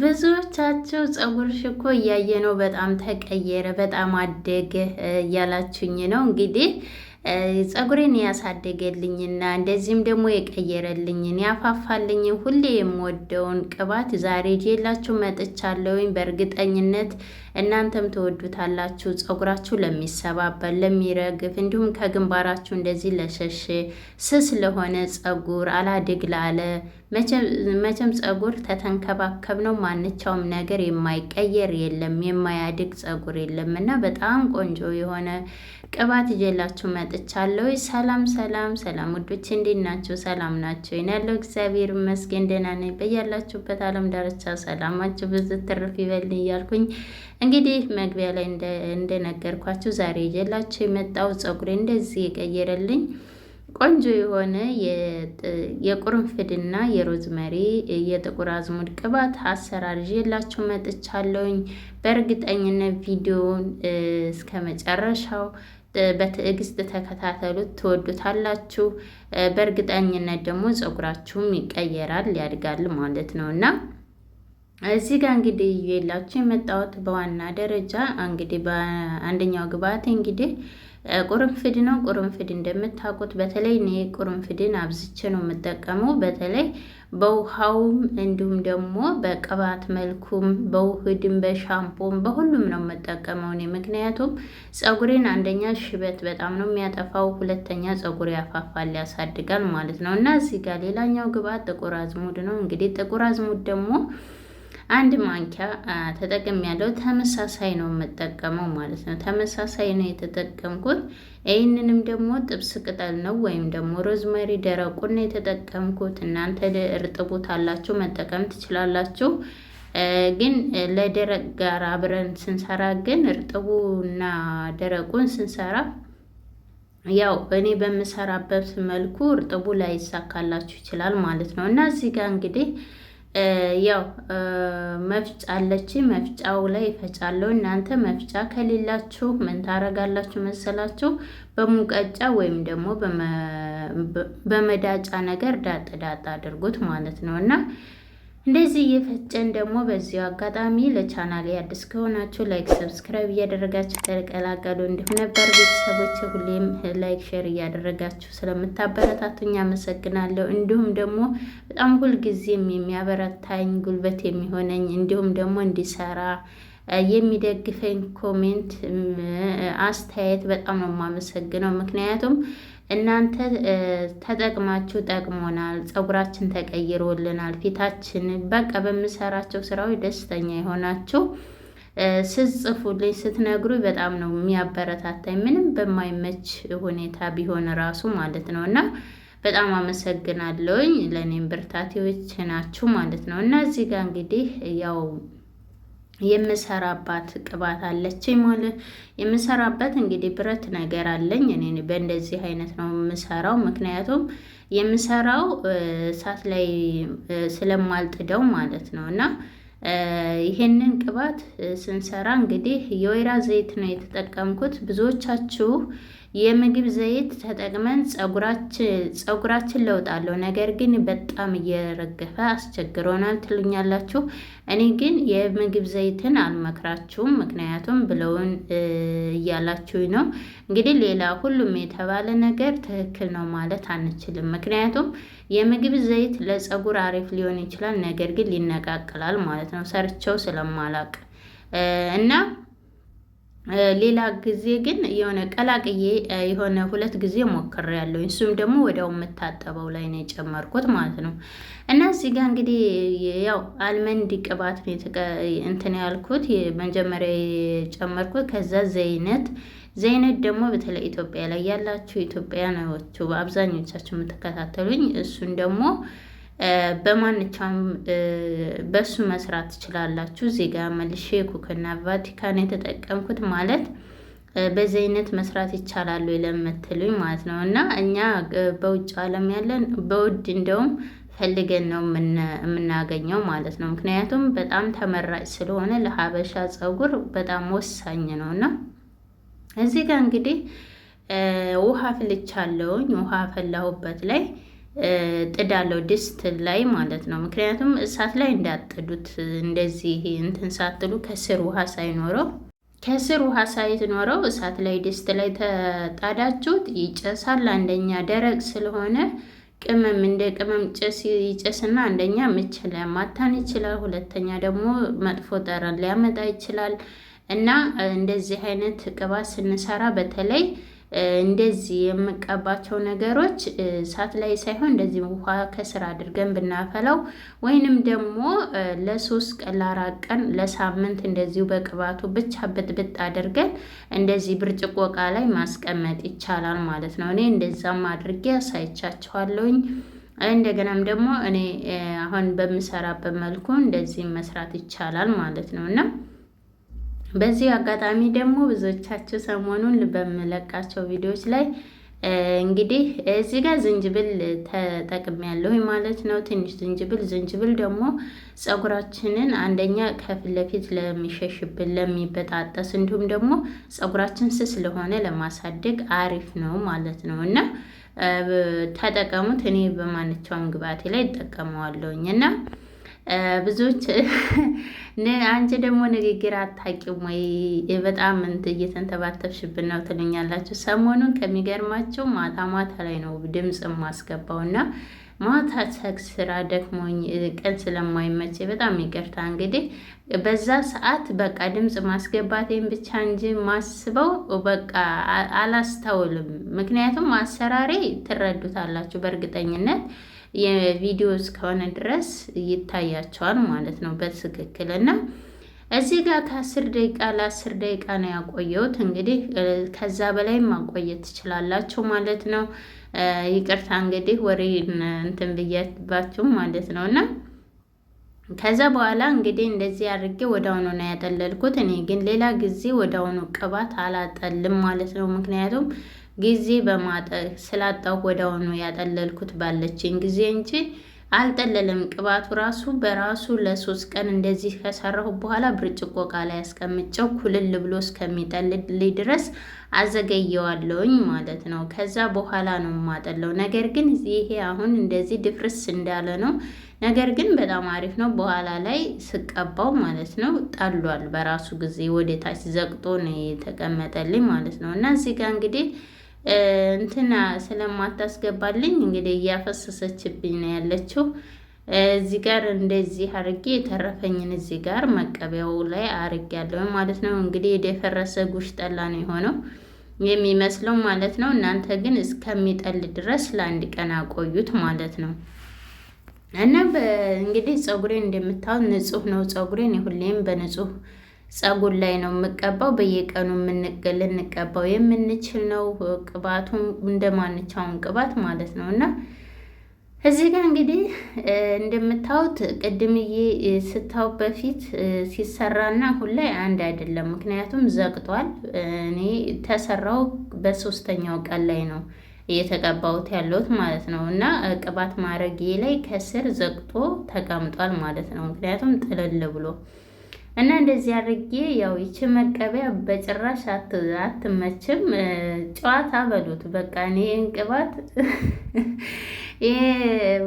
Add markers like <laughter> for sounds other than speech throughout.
ብዙዎቻችሁ ፀጉርሽ እኮ እያየ ነው በጣም ተቀየረ፣ በጣም አደገ እያላችሁኝ ነው። እንግዲህ ፀጉሬን ያሳደገልኝና እንደዚህም ደግሞ የቀየረልኝን ያፋፋልኝን ሁሌ የምወደውን ቅባት ዛሬ ይዤላችሁ መጥቻለሁኝ በእርግጠኝነት እናንተም ትወዱታላችሁ። ጸጉራችሁ ለሚሰባበር፣ ለሚረግፍ እንዲሁም ከግንባራችሁ እንደዚህ ለሸሽ ስስ ለሆነ ጸጉር አላድግ ላለ መቼም ጸጉር ተተንከባከብ ነው ማንቻውም ነገር የማይቀየር የለም የማያድግ ጸጉር የለም እና በጣም ቆንጆ የሆነ ቅባት ይዤላችሁ መጥቻለሁ። ሰላም ሰላም ሰላም ውዶች እንዴት ናቸው? ሰላም ናቸው ይን ያለው እግዚአብሔር ይመስገን ደህና ነኝ። በያላችሁበት አለም ዳርቻ ሰላማችሁ ብዙ ትርፍ ይበል እያልኩኝ እንግዲህ መግቢያ ላይ እንደነገርኳችሁ ዛሬ ይዤላችሁ የመጣው ፀጉሬ እንደዚህ የቀየረልኝ ቆንጆ የሆነ የቁርንፍድና የሮዝመሪ የጥቁር አዝሙድ ቅባት አሰራር ይዤላችሁ መጥቻለሁኝ። በእርግጠኝነት ቪዲዮውን እስከ መጨረሻው በትዕግስት ተከታተሉት፣ ትወዱታላችሁ። በእርግጠኝነት ደግሞ ፀጉራችሁም ይቀየራል፣ ያድጋል ማለት ነው እና እዚህ ጋር እንግዲህ ይዤላችሁ የመጣሁት በዋና ደረጃ እንግዲህ በአንደኛው ግብአት እንግዲህ ቁርንፍድ ነው። ቁርንፍድ እንደምታውቁት በተለይ እኔ ቁርንፍድን አብዝቼ ነው የምጠቀመው። በተለይ በውሃውም እንዲሁም ደግሞ በቅባት መልኩም በውህድም በሻምፖም በሁሉም ነው የምጠቀመው እኔ። ምክንያቱም ፀጉሬን አንደኛ ሽበት በጣም ነው የሚያጠፋው፣ ሁለተኛ ፀጉር ያፋፋል፣ ያሳድጋል ማለት ነው እና እዚህ ጋር ሌላኛው ግብአት ጥቁር አዝሙድ ነው። እንግዲህ ጥቁር አዝሙድ ደግሞ አንድ ማንኪያ ተጠቅም ያለው ተመሳሳይ ነው የምጠቀመው ማለት ነው። ተመሳሳይ ነው የተጠቀምኩት። ይህንንም ደግሞ ጥብስ ቅጠል ነው ወይም ደግሞ ሮዝመሪ ደረቁን ነው የተጠቀምኩት። እናንተ እርጥቡት አላችሁ መጠቀም ትችላላችሁ። ግን ለደረቅ ጋር አብረን ስንሰራ ግን እርጥቡና ደረቁን ስንሰራ ያው እኔ በምሰራበት መልኩ እርጥቡ ላይሳካላችሁ ይችላል ማለት ነው እና እዚህ ጋር እንግዲህ ያው መፍጫ አለች። መፍጫው ላይ እፈጫለሁ። እናንተ መፍጫ ከሌላችሁ ምን ታረጋላችሁ መሰላችሁ? በሙቀጫ ወይም ደግሞ በመዳጫ ነገር ዳጥ ዳጥ አድርጉት ማለት ነው እና እንደዚህ እየፈጨን ደግሞ በዚሁ አጋጣሚ ለቻናል አዲስ ከሆናችሁ ላይክ፣ ሰብስክራይብ እያደረጋችሁ ተቀላቀሉ። እንዲሁም ነበር ቤተሰቦች ሁሌም ላይክ፣ ሼር እያደረጋችሁ ስለምታበረታቱኝ አመሰግናለሁ። እንዲሁም ደግሞ በጣም ሁልጊዜም የሚያበረታኝ ጉልበት የሚሆነኝ እንዲሁም ደግሞ እንዲሰራ የሚደግፈኝ ኮሜንት፣ አስተያየት በጣም ነው የማመሰግነው ምክንያቱም እናንተ ተጠቅማችሁ ጠቅሞናል፣ ፀጉራችን ተቀይሮልናል፣ ፊታችን በቃ በምሰራቸው ስራዎች ደስተኛ የሆናችሁ ስትጽፉልኝ ስትነግሩ በጣም ነው የሚያበረታታኝ። ምንም በማይመች ሁኔታ ቢሆን ራሱ ማለት ነው እና በጣም አመሰግናለሁኝ። ለእኔም ብርታቴዎች ናችሁ ማለት ነው እና እዚህ ጋር እንግዲህ ያው የምሰራባት ቅባት አለች ማለት የምሰራበት እንግዲህ ብረት ነገር አለኝ። እኔ በእንደዚህ አይነት ነው የምሰራው፣ ምክንያቱም የምሰራው እሳት ላይ ስለማልጥደው ማለት ነው። እና ይሄንን ቅባት ስንሰራ እንግዲህ የወይራ ዘይት ነው የተጠቀምኩት ብዙዎቻችሁ የምግብ ዘይት ተጠቅመን ጸጉራችን ለውጥ አለው፣ ነገር ግን በጣም እየረገፈ አስቸግሮናል ትሉኛላችሁ። እኔ ግን የምግብ ዘይትን አልመክራችሁም፣ ምክንያቱም ብለውን እያላችሁ ነው። እንግዲህ ሌላ ሁሉም የተባለ ነገር ትክክል ነው ማለት አንችልም፣ ምክንያቱም የምግብ ዘይት ለጸጉር አሪፍ ሊሆን ይችላል፣ ነገር ግን ሊነቃቅላል ማለት ነው ሰርቸው ስለማላቅ እና ሌላ ጊዜ ግን የሆነ ቀላቅዬ የሆነ ሁለት ጊዜ ያለው እሱም ደግሞ ወዲያው የምታጠበው ላይ ነው የጨመርኩት ማለት ነው። እና እዚህ ጋር እንግዲህ ያው አልመንድ ቅባት እንትን ያልኩት መጀመሪያ የጨመርኩት ከዛ ዘይነት ዘይነት ደግሞ በተለይ ኢትዮጵያ ላይ ያላችሁ ኢትዮጵያኖቹ አብዛኞቻችሁ የምትከታተሉኝ እሱን ደግሞ በማንኛውም በሱ መስራት ትችላላችሁ። እዚህ ጋር መልሼ የኩክና ቫቲካን የተጠቀምኩት ማለት በዚህ አይነት መስራት ይቻላሉ ለምትሉኝ ማለት ነው። እና እኛ በውጭ ዓለም ያለን በውድ እንደውም ፈልገን ነው የምናገኘው ማለት ነው። ምክንያቱም በጣም ተመራጭ ስለሆነ ለሀበሻ ፀጉር በጣም ወሳኝ ነው እና እዚህ ጋር እንግዲህ ውሃ ፍልቻለውኝ ውሃ ፈላሁበት ላይ ጥዳለው ድስት ላይ ማለት ነው። ምክንያቱም እሳት ላይ እንዳጥዱት እንደዚህ እንትን ሳትሉ ከስር ውሃ ሳይኖረው ከስር ውሃ ሳይኖረው እሳት ላይ ድስት ላይ ተጣዳችሁት ይጨሳል። አንደኛ ደረቅ ስለሆነ ቅመም እንደ ቅመም ጭስ ይጨስና አንደኛ ምች ሊያማታን ይችላል፣ ሁለተኛ ደግሞ መጥፎ ጠረን ሊያመጣ ይችላል እና እንደዚህ አይነት ቅባት ስንሰራ በተለይ እንደዚህ የምቀባቸው ነገሮች እሳት ላይ ሳይሆን እንደዚህ ውሃ ከስር አድርገን ብናፈላው ወይንም ደግሞ ለሶስት ቀን ለአራት ቀን ለሳምንት እንደዚሁ በቅባቱ ብቻ ብጥብጥ አድርገን እንደዚህ ብርጭቆ እቃ ላይ ማስቀመጥ ይቻላል ማለት ነው። እኔ እንደዛም አድርጌ አሳይቻችኋለሁኝ። እንደገናም ደግሞ እኔ አሁን በምሰራበት መልኩ እንደዚህ መስራት ይቻላል ማለት ነው እና በዚህ አጋጣሚ ደግሞ ብዙዎቻችሁ ሰሞኑን በምለቃቸው ቪዲዮዎች ላይ እንግዲህ እዚህ ጋር ዝንጅብል ተጠቅሜያለሁ ማለት ነው። ትንሽ ዝንጅብል ዝንጅብል ደግሞ ጸጉራችንን አንደኛ ከፊት ለፊት ለሚሸሽብን ለሚበጣጠስ፣ እንዲሁም ደግሞ ጸጉራችን ስስ ለሆነ ለማሳደግ አሪፍ ነው ማለት ነው እና ተጠቀሙት። እኔ በማንኛውም ግብአቴ ላይ እጠቀመዋለሁኝ እና ብዙዎች አንቺ ደግሞ ንግግር አታውቂም ወይ በጣም ምንት እየተንተባተብሽብን ነው ትሉኛላችሁ። ሰሞኑን ከሚገርማቸው ማታ ማታ ላይ ነው ድምፅ የማስገባው እና ማታ ሰክስ ስራ ደክሞኝ ቀን ስለማይመቼ በጣም ይቅርታ። እንግዲህ በዛ ሰዓት በቃ ድምፅ ማስገባቴን ብቻ እንጂ ማስበው በቃ አላስተውልም። ምክንያቱም አሰራሬ ትረዱታላችሁ በእርግጠኝነት የቪዲዮ እስከሆነ ድረስ ይታያቸዋል ማለት ነው በትክክል እና እዚህ ጋር ከአስር ደቂቃ ለአስር ደቂቃ ነው ያቆየሁት። እንግዲህ ከዛ በላይ ማቆየት ትችላላችሁ ማለት ነው። ይቅርታ እንግዲህ ወሬ እንትን ብያባችሁ ማለት ነው እና ከዛ በኋላ እንግዲህ እንደዚህ አድርጌ አሁኑ ነው ያጠለልኩት። እኔ ግን ሌላ ጊዜ አሁኑ ቅባት አላጠልም ማለት ነው ምክንያቱም ጊዜ በማጠ ስላጣሁ ወዲያውኑ ያጠለልኩት ባለችኝ ጊዜ እንጂ አልጠለለም። ቅባቱ ራሱ በራሱ ለሶስት ቀን እንደዚህ ከሰራሁ በኋላ ብርጭቆ እቃ ላይ ያስቀምጨው ኩልል ብሎ እስከሚጠልልኝ ድረስ አዘገየዋለውኝ ማለት ነው። ከዛ በኋላ ነው የማጠለው። ነገር ግን ይሄ አሁን እንደዚህ ድፍርስ እንዳለ ነው ነገር ግን በጣም አሪፍ ነው። በኋላ ላይ ስቀባው ማለት ነው ጠሏል። በራሱ ጊዜ ወደ ታች ዘቅጦ ነው የተቀመጠልኝ ማለት ነው። እና እዚህ ጋር እንግዲህ እንትና ስለማታስገባልኝ እንግዲህ እያፈሰሰችብኝ ነው ያለችው። እዚህ ጋር እንደዚህ አርጌ የተረፈኝን እዚህ ጋር መቀበያው ላይ አርጌ ያለው ማለት ነው። እንግዲህ የደፈረሰ ጉሽ ጠላ ነው የሆነው የሚመስለው ማለት ነው። እናንተ ግን እስከሚጠል ድረስ ለአንድ ቀን አቆዩት ማለት ነው። እና እንግዲህ ፀጉሬን እንደምታዩት ንጹህ ነው። ፀጉሬን ሁሌም በንጹህ ፀጉር ላይ ነው የምቀባው። በየቀኑ እንቀባው የምንችል ነው። ቅባቱን እንደማንቻውን ቅባት ማለት ነው እና እዚህ ጋር እንግዲህ እንደምታዩት ቅድምዬ ስታው በፊት ሲሰራና አሁን ላይ አንድ አይደለም። ምክንያቱም ዘግቷል። እኔ ተሰራው በሶስተኛው ቀን ላይ ነው እየተቀባሁት ያለሁት ማለት ነው። እና ቅባት ማድረጌ ላይ ከስር ዘግቶ ተቀምጧል ማለት ነው። ምክንያቱም ጥልል ብሎ እና እንደዚህ አድርጌ ያው ይቺ መቀቢያ በጭራሽ አትመችም። ጨዋታ በሉት በቃ እኔ ቅባት <laughs> ይሄ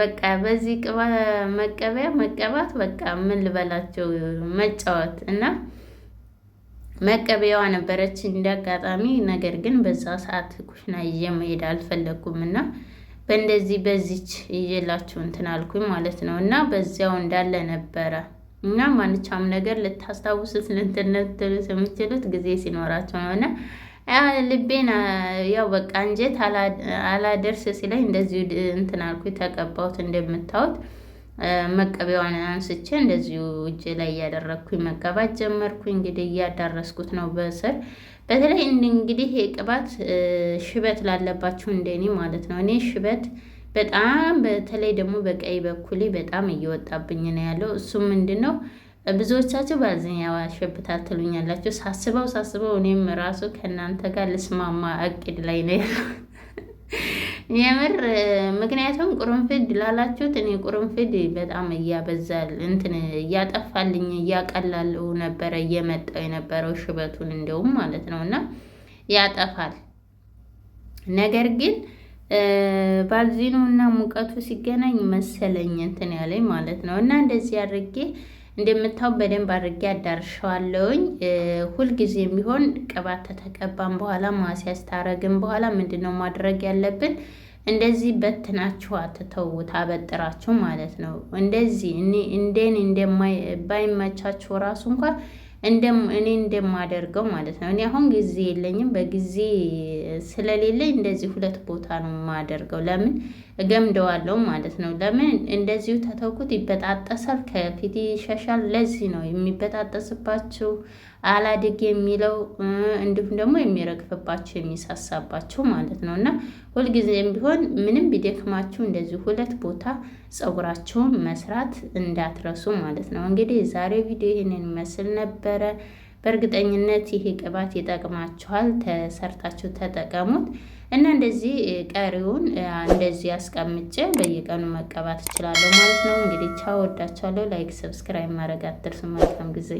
በቃ በዚህ መቀቢያ መቀባት በቃ ምን ልበላቸው መጫወት እና መቀበያዋ ነበረች እንደ አጋጣሚ። ነገር ግን በዛ ሰዓት ኩሽና ይዤ መሄድ አልፈለግኩም እና በእንደዚህ በዚች ይዤላችሁ እንትን አልኩኝ ማለት ነው። እና በዚያው እንዳለ ነበረ እና ማንቻም ነገር ልታስታውሱት ልትነትሉት የምችሉት ጊዜ ሲኖራቸው ነው እና ልቤን ያው በቃ እንጀት አላደርስ ሲለኝ እንደዚሁ እንትን አልኩኝ ተቀባሁት እንደምታዩት መቀቢያዋን አንስቼ እንደዚሁ እጄ ላይ እያደረግኩኝ መቀባት ጀመርኩኝ። እንግዲህ እያዳረስኩት ነው በስር በተለይ እንግዲህ ቅባት ሽበት ላለባችሁ እንደኔ ማለት ነው። እኔ ሽበት በጣም በተለይ ደግሞ በቀይ በኩሌ በጣም እየወጣብኝ ነው ያለው። እሱም ምንድን ነው ብዙዎቻችሁ ባዝኛዋ ሸብታ ትሉኛላችሁ። ሳስበው ሳስበው እኔም ራሱ ከእናንተ ጋር ልስማማ እቅድ ላይ ነው ያለው። የምር ምክንያቱም ቁርንፍድ ላላችሁት እኔ ቁርንፍድ በጣም እያበዛል እንትን እያጠፋልኝ እያቀላለው ነበረ እየመጣው የነበረው ሽበቱን እንደውም ማለት ነው እና ያጠፋል። ነገር ግን ባልዚኑ እና ሙቀቱ ሲገናኝ መሰለኝ እንትን ያለኝ ማለት ነው እና እንደዚህ አድርጌ እንደምታው በደንብ አድርጌ አዳርሸዋለውኝ። ሁልጊዜ ቢሆን ቅባት ተተቀባን በኋላ ማስያዝ ታረግን በኋላ ምንድነው ማድረግ ያለብን? እንደዚህ በትናችሁ አትተውት፣ አበጥራችሁ ማለት ነው። እንደዚህ እኔ እንደን ባይመቻችሁ ራሱ እንኳን እኔ እንደማደርገው ማለት ነው። እኔ አሁን ጊዜ የለኝም። በጊዜ ስለሌለኝ እንደዚህ ሁለት ቦታ ነው የማደርገው። ለምን እገምደዋለሁ ማለት ነው። ለምን እንደዚሁ ተተውኩት ይበጣጠሳል፣ ከፊት ይሸሻል። ለዚህ ነው የሚበጣጠስባችሁ አላድግ የሚለው እንዲሁም ደግሞ የሚረግፍባቸው የሚሳሳባቸው ማለት ነው እና ሁልጊዜም ቢሆን ምንም ቢደክማችሁ እንደዚህ ሁለት ቦታ ጸጉራቸውን መስራት እንዳትረሱ ማለት ነው። እንግዲህ ዛሬ ቪዲዮ ይህንን ይመስል ነበረ። በእርግጠኝነት ይሄ ቅባት ይጠቅማችኋል። ተሰርታችሁ ተጠቀሙት እና እንደዚህ ቀሪውን እንደዚህ አስቀምጬ በየቀኑ መቀባት እችላለሁ ማለት ነው። እንግዲህ ቻው፣ ወዳችኋለሁ። ላይክ፣ ሰብስክራይብ ማድረግ አትርሱ። መልካም ጊዜ